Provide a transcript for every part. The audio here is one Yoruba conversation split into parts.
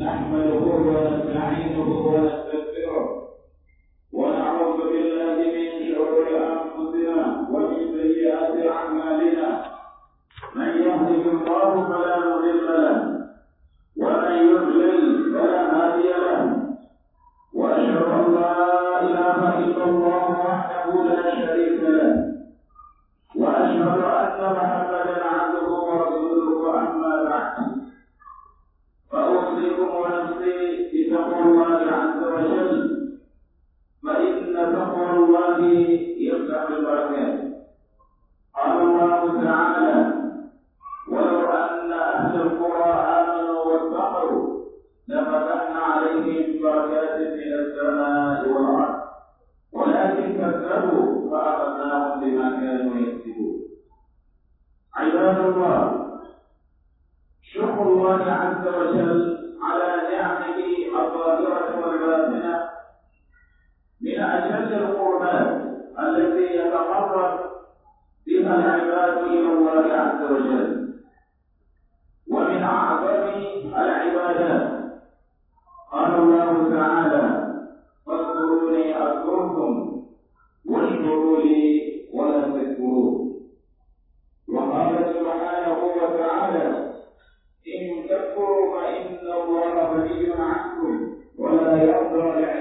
نحمده ونستعينه ونستغفره ونعوذ بالله من شرور انفسنا ومن سيئات اعمالنا من يهده الله فلا تلك القربات التي يتقرب بها العباد الى الله عز وجل ومن اعظم العبادات قال الله تعالى فاذكروني اذكركم واشكروا لي ولا تكفرون وقال سبحانه وتعالى ان تكفروا فان الله غني عنكم ولا يرضى لعباده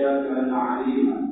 شافعا عليما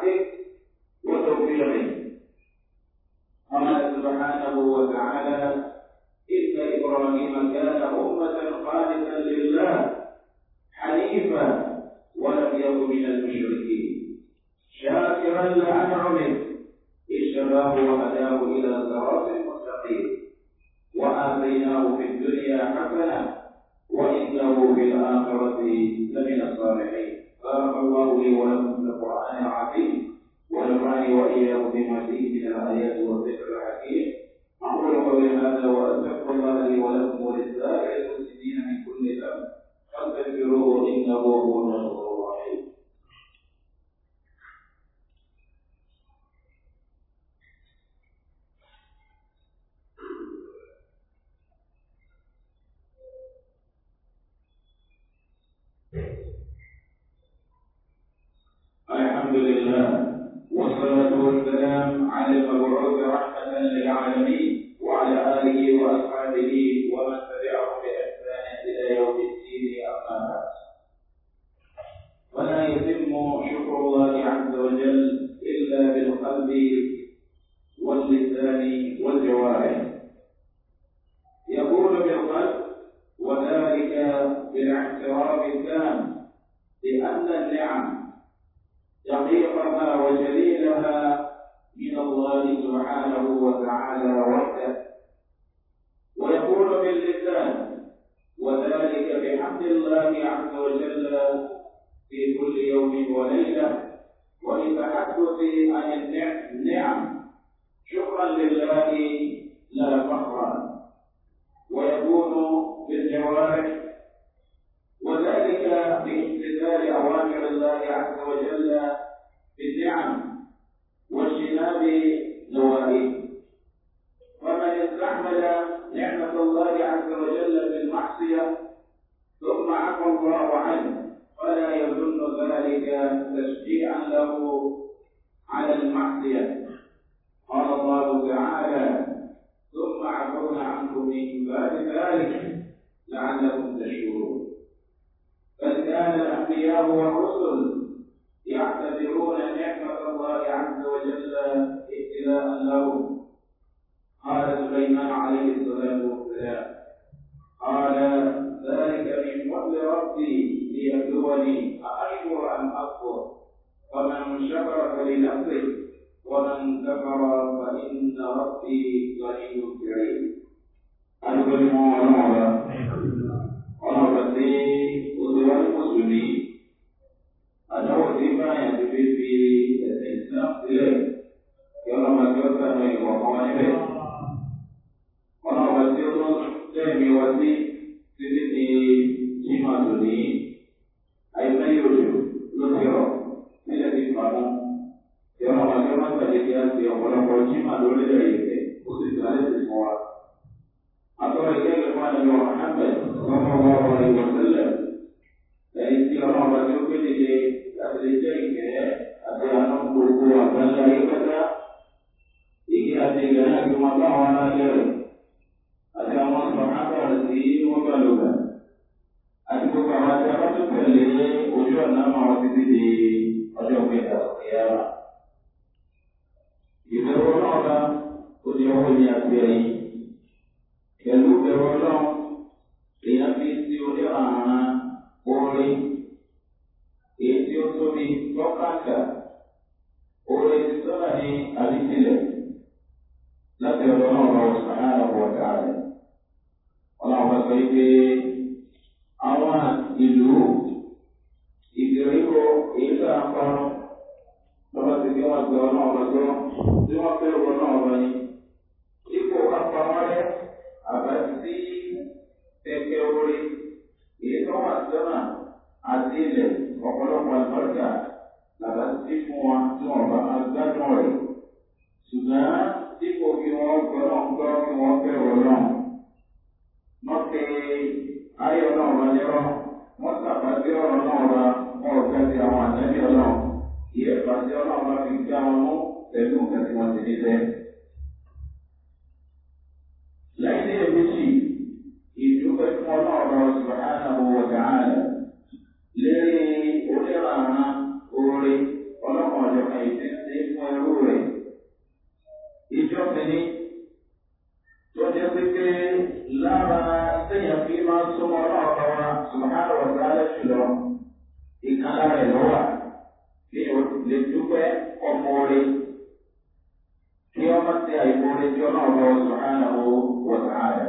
طاعته وتوفيقه قال سبحانه وتعالى إن إبراهيم كان أمة خالدا لله حنيفا ولم يكن من المشركين شاكرا لأنعمه اجتباه وهداه إلى صراط مستقيم وآتيناه في الدنيا حسنة وإنه في الآخرة لمن الصالحين بارك الله لي ولكم القرآن العظيم ونفعني وإياه بما فيه من الآيات والذكر الحكيم أقول قولي هذا وأستغفر الله لي ولكم وللسائر المسلمين من كل ذنب فاستغفروه إنه هو الغفور لله والصلاة والسلام على المبعوث وعلى آله وأصحابه ومن تبعهم بإحسان yọ sànù ìwà kan ọ̀nà ọ̀gá tí ó tún tẹ̀mí wá sí títí di jimá lónìí. láti ọ̀dọ̀ ọlọ́run ọ̀rọ̀ sàánà ọ̀dà rẹ̀. ọlọ́run bá sọ pé àwọn ìlú ìgbèríko èyí tó ń parọ́ lọ́wọ́ ti fi wọ́n gbé ọlọ́run bá gbọ́ tí wọ́n fẹ́ wọ náà lọ ni. ipò apamọ́lẹ́ àbájáde tẹ̀kẹ́ orí èyí tó wà sọ́nà àti ilẹ̀ ọ̀pọ̀lọpọ̀ àlùbọ́sà làbá ti fún wọn tí wọ́n bá gbádùn rẹ̀ ṣùgbọ́n dípò kí wọ́n gbọ́ náà gbọ́ kí wọ́n bẹ̀rù náà. wọ́n pe ayé náà wà lẹ́rọ̀ wọ́n sàbàbí ọ̀rọ̀ náà ra wọn ò fẹ́ ti àwọn àtẹ́bí ọ̀nà ìyẹ̀fà ọlọ́run bá fi gbá wọn mú pẹ̀lú nǹkan tí ti ní sí pé lára téèyàn fi máa súnmọ́ ọlọ́ọ̀tọ́ wa sùmọ́nà ọ̀sán alẹ́ jùlọ ìkànnà rẹ̀ lọ́wọ́ ní lè dúpẹ́ ọmọ rẹ̀ kí ọmọ tí àìmọ rẹ̀ jọ náà lọ sùmọ́nà ọ̀sán alẹ́.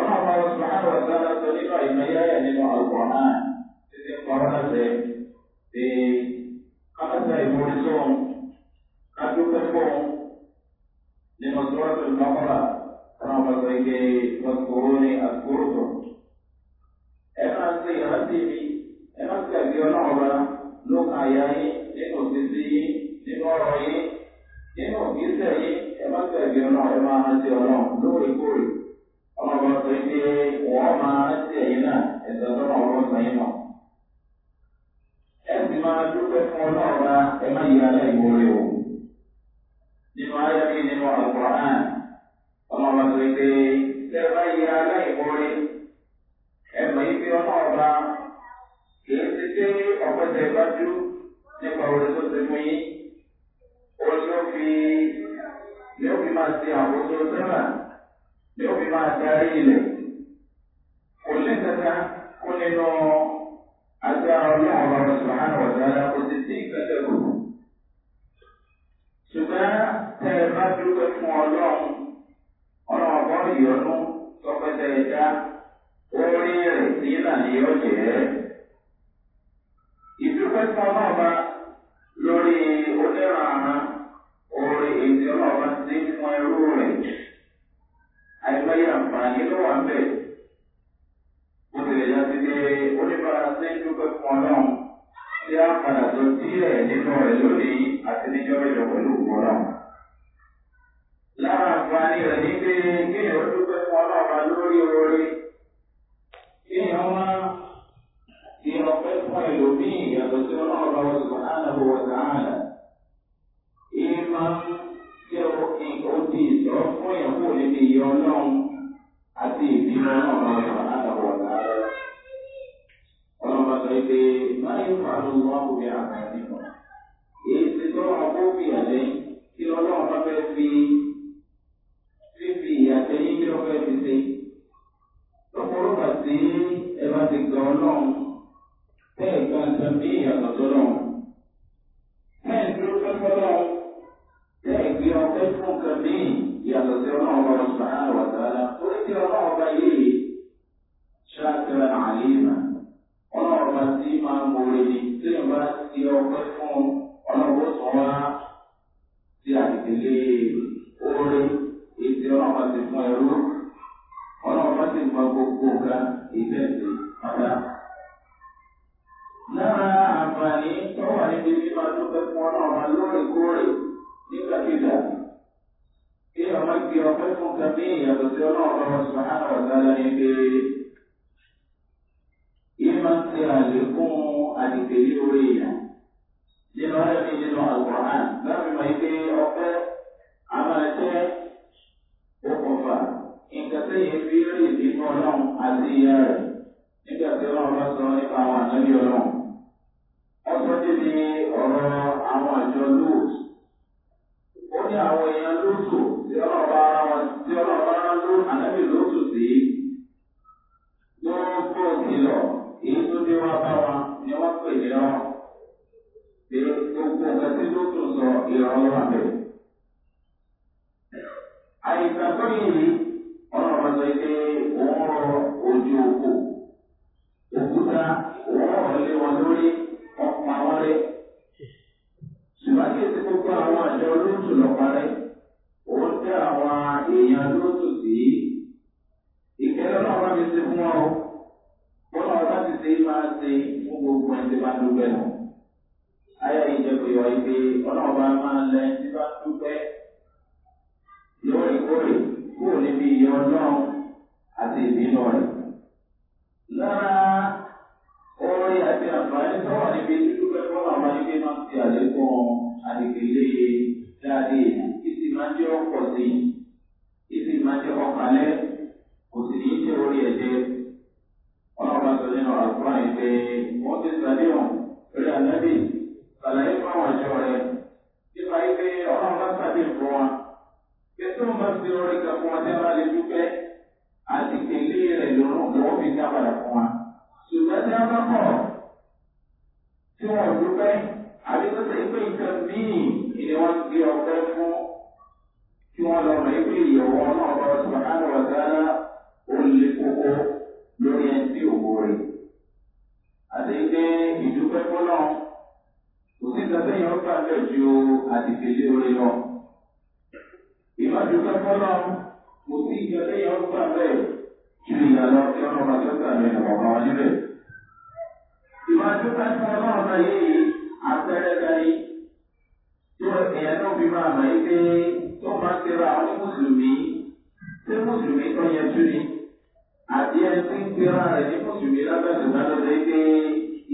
ọlọ́ọ̀tọ́ wa sùmọ́nà ọ̀sán alẹ́ sọ nínú àìmọye ayẹ nínú àlùkò náà títí kọ́rọ́nà rẹ̀ ṣe kọ́mọ́tà ìmọ̀rẹ́sọ̀rọ̀. bọ́kọ́lá táwọn ọmọ ẹgbẹ́ ilé wọn kúrò ní àkúròtò. ẹ máa ń ṣe ìrántí mi ẹ máa ń tẹ̀lé ọlọ́run bá ló ka àyà yín nínú òṣìṣẹ́ yín nínú ọ̀rọ̀ yín nínú òkìṣẹ́ yín ẹ máa ń tẹ̀lé ọlọ́run ẹ máa ń ṣe ọlọ́run lóòrèkóòrè. ọmọ ọmọ sọ pé wọ́n máa ń ṣe ẹ̀yìn náà ẹ̀sọ́ tó máa wọ́n sọ yín mọ́. ẹ sì máa dúpẹ́ fún ọlọ́run bá ẹ má yí alẹ́ ìwọlé o. nínú ayé mi nínú àlùkò náà Gracias. ọlọ́ọ̀bá lórí orí kí èèyàn wá ìrọ̀ pẹ́ fún ẹlòmíì yàtọ̀ sí ọlọ́ọ̀bá ọ̀sùn àlọ́ wọ̀tá àlà. Ìmọ̀ jẹ́ òdì ìtọ́ fún ìyàwó níbi ìyọ ọlọ́run àti ìbímọ ọlọ́ọ̀bá ọ̀sùn àlọ́ wọ̀tá àlà. Ọlọ́ọ̀bá sọ pé tí ẹ bá ti gbọ́ ọlọ́run tẹ́ ẹ̀ gbọ́ nǹkan bí ìyàtọ̀ tó lọ́run. Tẹ́ ẹ̀ dúró pẹ́pẹ́ lọ́run tẹ́ ẹ̀ gbé ọpẹ́ fún nǹkan bí ìyàtọ̀ tí ọlọ́run bá wọn sàn án wàtàlá. Orí tí ọlọ́run bá yéè ṣáàkiri àlìmà ọlọ́run bá ti máa ń borí ni tí ẹ bá ti ọpẹ́ fún ọlọ́run sọ wá sí àdìgbélé orí ètò ọlọ́run ti fún ẹrú ìbẹ̀sẹ̀ ọ̀dà. Lára àǹfààní tó wà níbi mímọ dúpẹ́ fún ọlọ́run lóòrèkóòrè nígbàkigbà. Kí ọmọ ìgbé ọpẹ́ fún Gàmí ìyàtọ̀ sí ọlọ́run lọ́wọ́ Sùhánà ọ̀gára ní pé ìmọ̀ ti àlékún àdìgbèlé orí ìyá. Nínú ẹ̀mí nínú àwòrán, láti mọ̀ pé ọpẹ́ a máa jẹ́ nǹkan tẹ́yìn fi rí ìdíkọ́ ọlọ́run àti ìyá rẹ̀ nígbà tí ọlọ́run bá sọ nípa àwọn ànábì ọlọ́run. ọsọ débi ọ̀rọ̀ àwọn àjọ lóòtù. ó ní àwọn èèyàn lóòtù tí ọlọ́run bá ara wọn tí ọlọ́run bá ara ló ànábì lóòtù sí. ló ń kó ìkìlọ̀ èyí tó dé wá bá wa ni wọ́n pè ní ọ́. pé gbogbo nǹkan tí lóòtù sọ ìrànlọ́wọ́ àbẹ̀. àyíká tó yìí ọlọ́run sọ pé òun rọ ojú oko wọ́n mọ́kọ̀ tí wọ́n dúpẹ́ àdébọ́sẹ̀ ìpè nǹkan míì ni wọ́n gbé ọpẹ́ fún kí wọ́n lọ mọ̀ ìpè ìyẹ̀wò náà lọ sọ̀hánù ọ̀dáná olè kókó lórí ẹni tí òwò rẹ̀. àti pé ìdúpẹ́ fọ́nà kò sí ìtàsẹ́ yẹn ó gbàgbẹ́ ju àdìsẹ́lẹ̀ orí lọ. ìmọ̀dúpẹ́ fọ́nà kò sí ìtàsẹ́ yẹn ó gbàgbẹ́ ju ìyàlọ́ tí ọlọ́run àti ọ̀gbà mi nà wọ́n wá níbẹ̀ ìwà tó bá ti ọlọ́ ọ̀nà yìí àpẹẹrẹ báyìí tí ẹ̀yẹ náà fi máa mọ̀ yìí pé tó máa ń tẹ̀ra àwọn mùsùlùmí tí mùsùlùmí tó yẹ tú ni àti ẹni tí ń tẹ̀ra rẹ̀ ní mùsùlùmí lábẹ́sẹ̀ náà lọ́dọ̀ yìí pé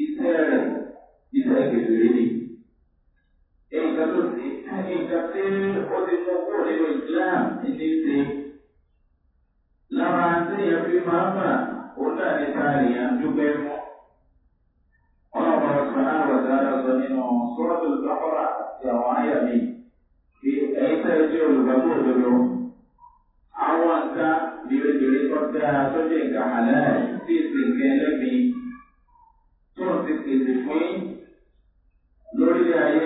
iṣẹ́ rẹ̀ iṣẹ́ kékeré ni. nǹkan tó ti nǹkan tí ó ti mú kúrò nínú ìsìláàmù ní ṣe lára tí ìyẹn fi máa ń mà ó náà ta ìyẹn dúpẹ́ mú. nínú sọ́rọ́tò lọ́kọ́rà àti àwọn àyà mi. Èyí tẹ́ ẹ jẹ́ olùgbàgbọ́ òdodo. Àwọn àga bèrèbèrè kọjá sójú ìgbà àlẹ́ tí ìsì nǹkan ẹlẹ́gbin tó ti pèsè fún lórí ayé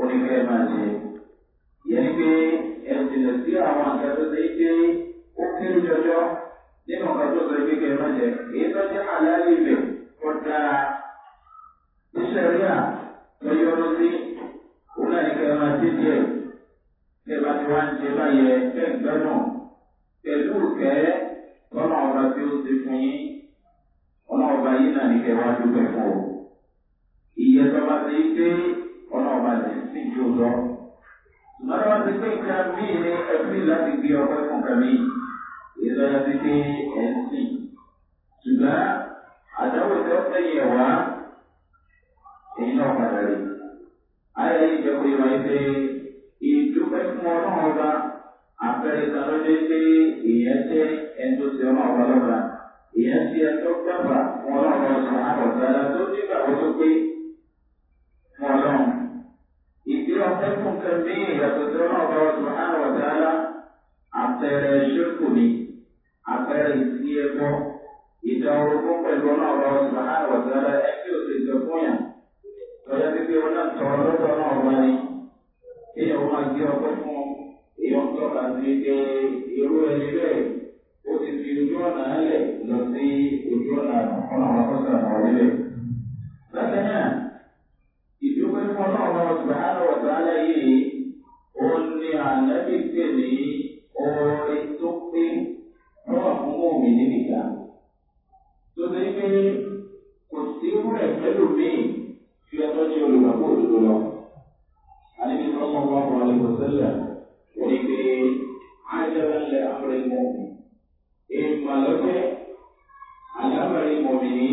oníkẹ́ máa ṣe. Yẹ́n pé ẹ jìnà sí àwọn àga tó ṣe é pé ó kéré jọjọ́ nínú ọ̀gá tó sọ pé kẹ́ ẹ má jẹ. Èyí tó jẹ́ àlẹ́ àlè ibẹ̀ kọjá iṣẹ́ rí à lọ́yọ́rọ́ sí òun náà ní kẹ́ máa ṣe díẹ̀ kẹ́ bá ti wá ń ṣe báyẹ kẹ́ ń gbẹ́nà pẹ̀lú kẹ́ tọ́nà ọba tí ó ṣe fún yín ọ̀nà ọba yìí náà ní kẹ́ wá dúpẹ́ fún o. ìyẹn tó bá ti pé ọ̀nà ọba ti sì ju lọ. ṣùgbọ́n wọ́n ti pé nǹkan míì ní ẹbí láti gbé ọpẹ́ fún kàmí ìlọ́yà ti pé ẹ̀ ń sìn. ṣùgbọ́n àdáwò tó fẹ́ yẹ̀ wá èyí náà padà rí. ayé yìí jẹ́ pé wáyé pé ìdúpẹ́ fún ọlọ́run ọba àpẹẹrẹ kan ló dé pé ìyẹn jẹ́ ẹni tó ti ọlọ́run ọba lọ́ba ìyẹn ti ẹjọ́ gbàgbà fún ọlọ́run ọ̀sán àbọ̀dára tó nígbàgbọ́ tó pé fún ọlọ́run. ìdí ọpẹ́ fún kẹ́mí ìyàtọ̀ tí ọlọ́run ọba ọ̀sán àbọ̀dára àpẹẹrẹ ṣẹ́kù ni àpẹẹrẹ ìsí ẹ̀kọ́ ìdá orogún pẹ̀lú ọlọ́run ọba ọ̀sán àbọ̀dára ẹ lọ́jọ́ pípé wọn náà tọrọ lọ́tọ̀ náà wá ní èèyàn máa gbé ọgbẹ́ fún èèyàn tọ́ka sí pé irú ẹni bẹ́ẹ̀ ó ti fi ojú ọ̀nà ẹlẹ̀ lọ sí ojú ọ̀nà ọ̀nà ọ̀kọ́sà àwílẹ̀. bákan náà ìdúpẹ́ fún ọlọ́run ọ̀sùn àlọ́ọ̀sán alẹ́ yìí ó ní ànábì pè ní orin tó pé lọ́wọ́ fún mọ́ọ̀mì nínú kí ẹ tó ṣe olùgbàgbọ́ òdodo lọ. àníbi sọ́kàn wọn kọ́ ọ̀rẹ́ kò sẹ́lẹ̀ òní pé ájẹ́lẹ́lẹ́ àpẹẹrẹ mọ̀mí. èèmọ̀ lọ́fẹ́ àlámọ̀rẹ́ mọ̀mí ní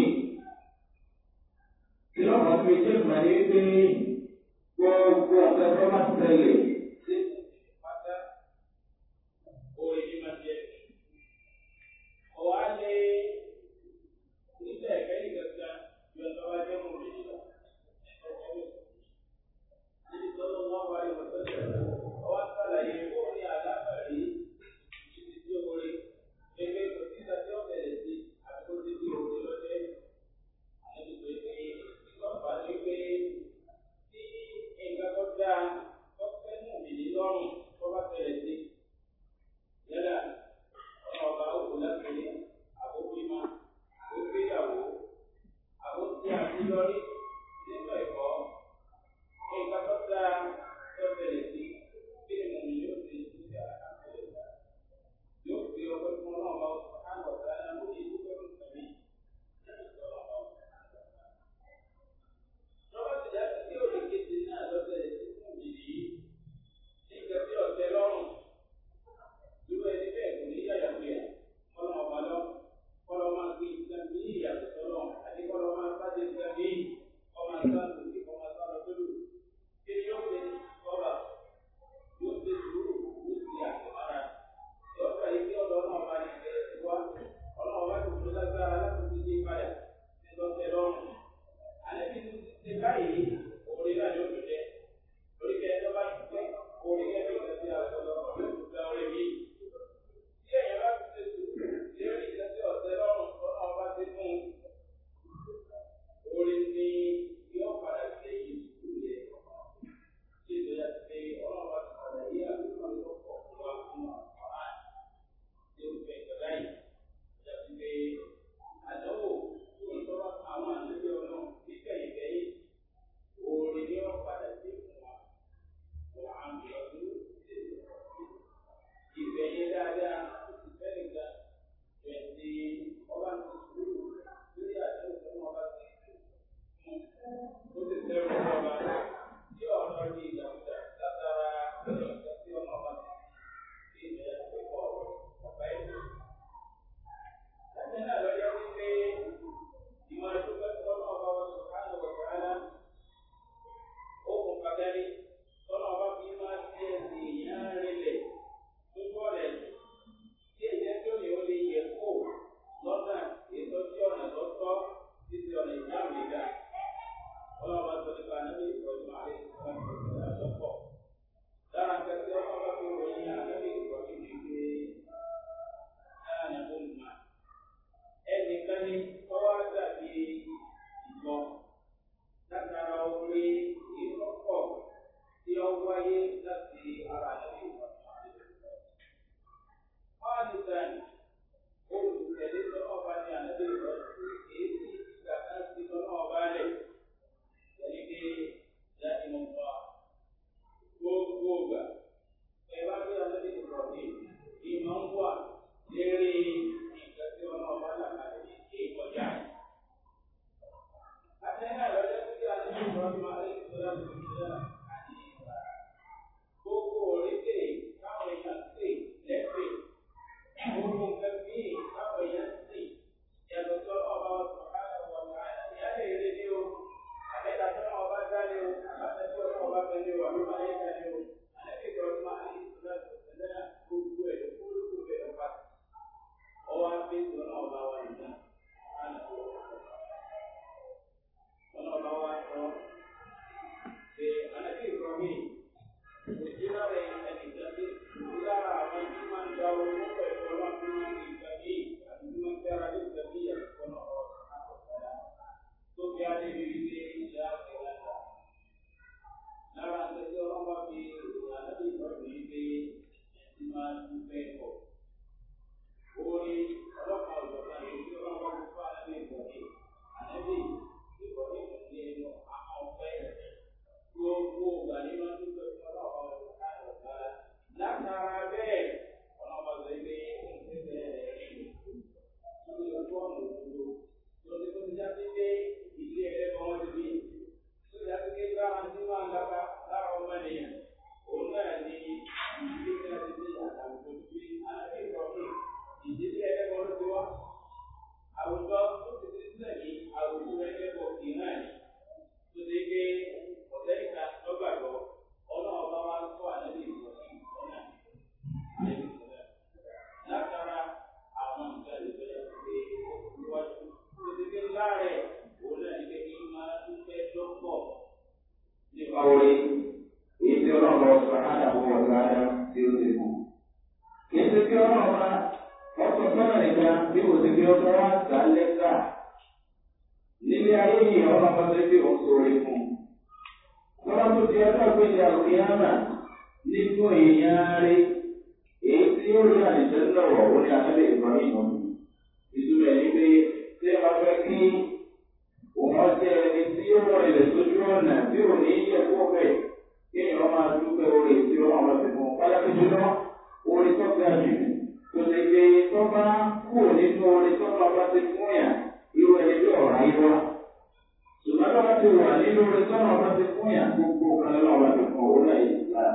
fún yàn gbogbo kan lọ́wọ́ ti fún owó náà yìí sílá.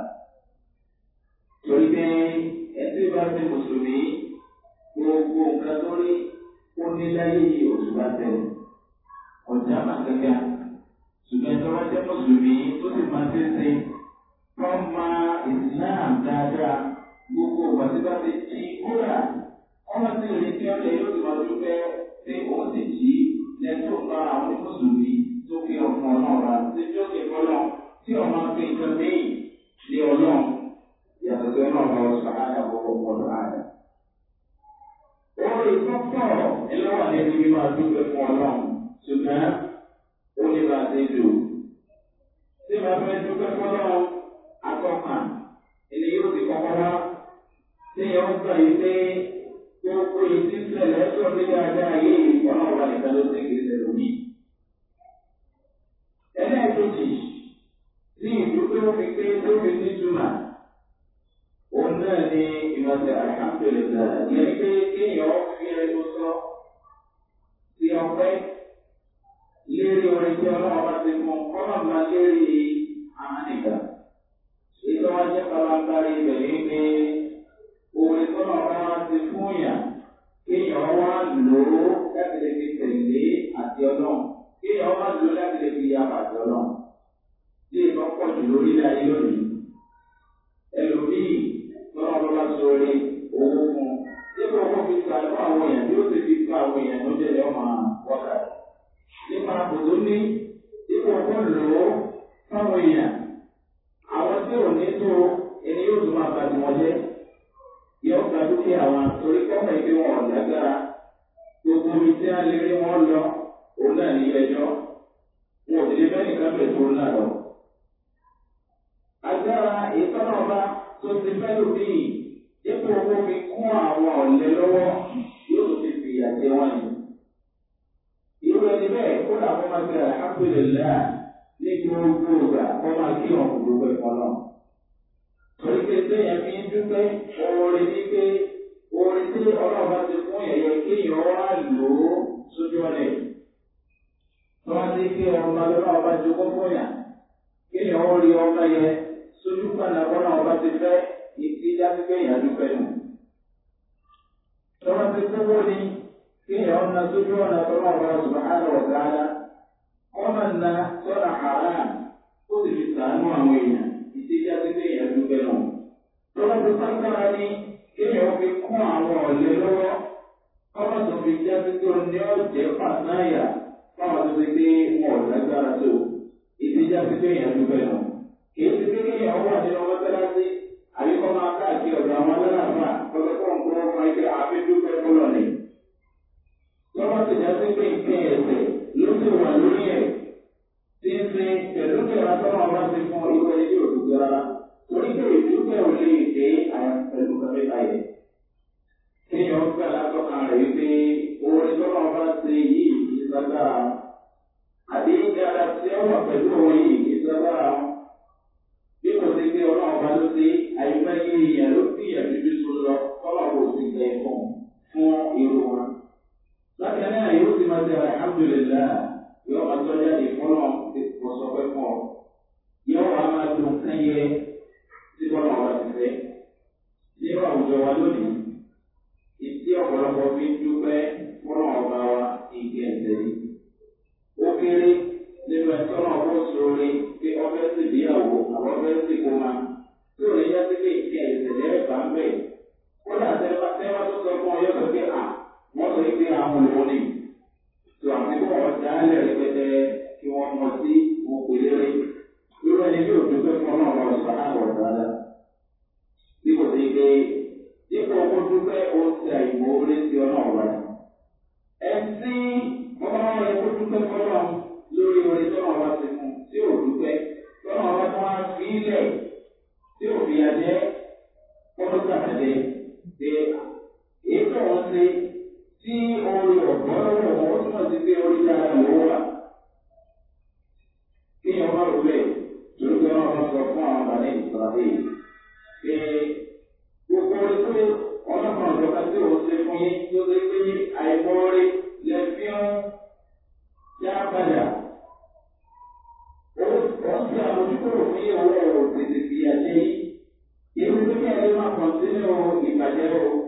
torí pé ẹtí bá ti mùsùlùmí gbogbo nǹkan tó rí ó ní láyé yìí oṣù bá tẹ̀lé ọjà máa gẹ́gẹ́ ṣùgbọ́n tó bá jẹ́ mùsùlùmí tó sì máa ṣe ṣe wọ́n máa ìsìláàmù dáadáa gbogbo ìgbà tí bá ti jí kódà ọmọ tí ìrètí ọ̀lẹ́ yóò ti máa dúpẹ́ pé òun ti jí lẹ́tọ̀ọ́ bá àwọn mùsùlùmí tó fi ọkàn náà ra tó tó fi ọlọ́ tí ọmọ fi ìjọ lẹ́yìn lé ọlọ́ yàtọ̀ sí ọmọ ọmọ ọ̀sán àyà ọkọ̀ ọ̀dọ̀ àyà. Orin tó pọ̀ ẹlọ́wà lẹ́nu bí máa dúpẹ́ fún ọlọ́run ṣùgbọ́n ó ní bá a ṣe lò. Tí màá fẹ́ dúpẹ́ fún ọlọ́run àtọ́kà ẹni yóò ti kọ́kọ́ wá. Tí ìyá ń gbà yìí pé gbogbo ìdí ìṣẹ̀lẹ̀ ẹ̀ṣọ́ nígbà dáa yìí ọlọ́run wà nìkan ló ṣe kiri. ìmọ̀ òun náà ni ìmọ̀tẹ̀ àkàtúndínlá yẹn pé kéèyàn fi ẹnu sọ sí ọpẹ́ lérí orin tí ọlọ́run bá ti fún kọ́nà máa lérí àmàlìkà. ìtọ́ ajé palambarí ibẹ̀ yìí ni orin tọ́nà bá ti fún yàn kéèyàn wá lò ó láti lè fi tẹ̀lé àti ọlọ́run kéèyàn wá lò ó láti lè fi yàgbà àti ọlọ́run. bí ìtọ́pọ̀ jù lórílẹ̀ ayé lónìí yìí lọ́nà ló bá sọ rí owó fún un. Nígbà wọn fi ta inú àwọn èèyàn bí ó ti fi ta àwọn èèyàn ló jẹ́lẹ̀ ọmọ wọ́tà. Nípa àbòtó ní ipò ọ̀pọ̀ lò ó fáwọn èèyàn. Àwọn tí ò ní tó ẹni yóò tún máa ta jù wọ́n jẹ́. Yóò ta dúkìá wọn torí kọ́mọ̀ ìgbé wọn lágbára. Gbogbo omi tí a lè rí wọn lọ, òun náà ní ẹjọ́. Wọn ò sì lè bẹ́ẹ̀ nìkan bẹ̀ tó náà lọ. Agbára ìtọ́nà ọba tó ti fẹ́ lòmíì dípò owó fi kún àwọn ọ̀lẹ́ lọ́wọ́ yóò tó ti fìyà jẹ wọn ni. irú ẹni bẹ́ẹ̀ kó làwọn máa fi àhápẹ́lẹ́lá ní gbogbo ìgbà kó máa kí ọ̀hún gbogbo ẹ̀kọ́ náà. torí pé sẹ́yìn fi ń dúpẹ́ oore ní pé oore tí ọlọ́ọ̀bá ti fún ẹ̀yẹ kéèyàn wá lò ó sójú ọ̀lẹ́. tọ́wọ́n ti kí ọmọ lọ́wọ́ ọba jogún fún yà kéèyàn ó rí ọmọ sojú padà bọ́lá ọba ti fẹ́ ìdí dájú kéèyàn dúpẹ́ nù. tọ́lá ti kówó ni kéèyàn ọ̀nà na ọ̀nà tọ́lá ọba ṣùgbọ́n na sọ́nà àrà ó sì fi sàánú àwọn èèyàn ìdí dájú kéèyàn dúpẹ́ nù. tọ́lá ti sáńkàrà ni kéèyàn fi kún àwọn ọ̀lẹ́ lọ́wọ́ ọba tó fi jáde tó ní fáwọn tó ti gbé Amen.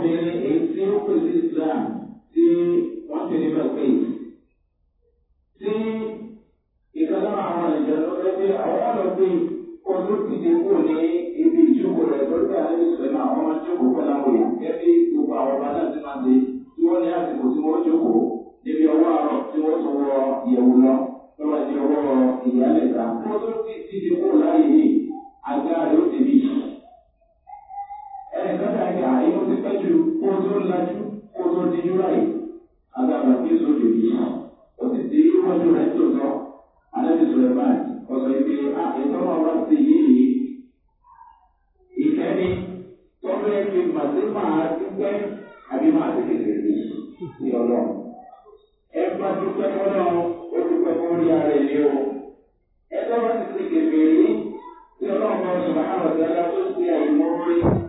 obìnrin èyí tí ó pè sí islam tí wọ́n ti ní mẹ́pẹ́ yìí. tí ìkànnì àwọn ìjà lọ́wọ́ pé àwọn ọlọ́pẹ́ kọ́ ló ti dé kú ní ibi ìjókòó rẹ̀ lórí àlejò sẹ́nà àwọn máa jókòó pẹ̀lú àwọn èèyàn gẹ́gẹ́ gbogbo àwọn ọba náà ti máa dé tí wọ́n ní àsìkò tí wọ́n jókòó níbi ọwọ́ àrọ̀ tí wọ́n tún wọ ìyẹ̀wò lọ lọ́wọ́ ìdí ọwọ́ ìyálẹ̀ta. kọ́ ló ti dé kú láyé yìí àgbà rẹ̀ ó ti bí àlàyé ó ti pẹ́ ju kó tó lajú kó tó díjú báyìí. Agbára pé sóde bí ó ti di wọ́jú rẹ̀ tó sọ. Adébí Suleiman ọ̀sọ̀ ibi ti ni tọ́lẹ̀ fi màtí dúpẹ́ àbí máa tètè tètè ní ọlọ́run. Ẹ bá dúpẹ́ fọ́nà ó dúpẹ́ o. Ẹ lọ́wọ́ ti ti kèfèé tí ọlọ́run ọ̀sùn àárọ̀ tí ọlọ́run tó ti àyè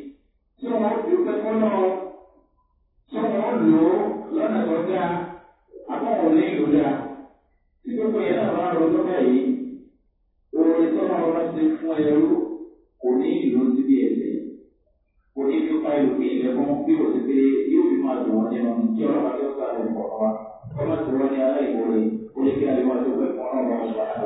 tí wọ́n fi pẹ́kọ́ náà tí wọ́n lò ó lọ́nà tó dáa àbọ̀wọ̀ ní ìlú dáa tí gbogbo yẹn náà bá rọ lọ́gbà yìí oore tó náà wọ́n ti fún ẹrú kò ní ìlú síbi ẹ̀sẹ̀ kò ní fi pa ìlú ìlẹ̀ fún bí o ti pé yóò fi máa dùn wọ́n nínú kí ọlọ́pàá tó sọ àwọn ìkọ̀kọ̀ wa ọlọ́pàá tó wọ́n ní aláìwọlé ó lè kí alẹ́ wọn tó fún ọlọ́pàá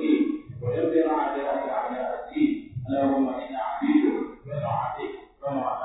wọn ويرضي مع ذلك على الدين اللهم انا عبيدك ونعم عليك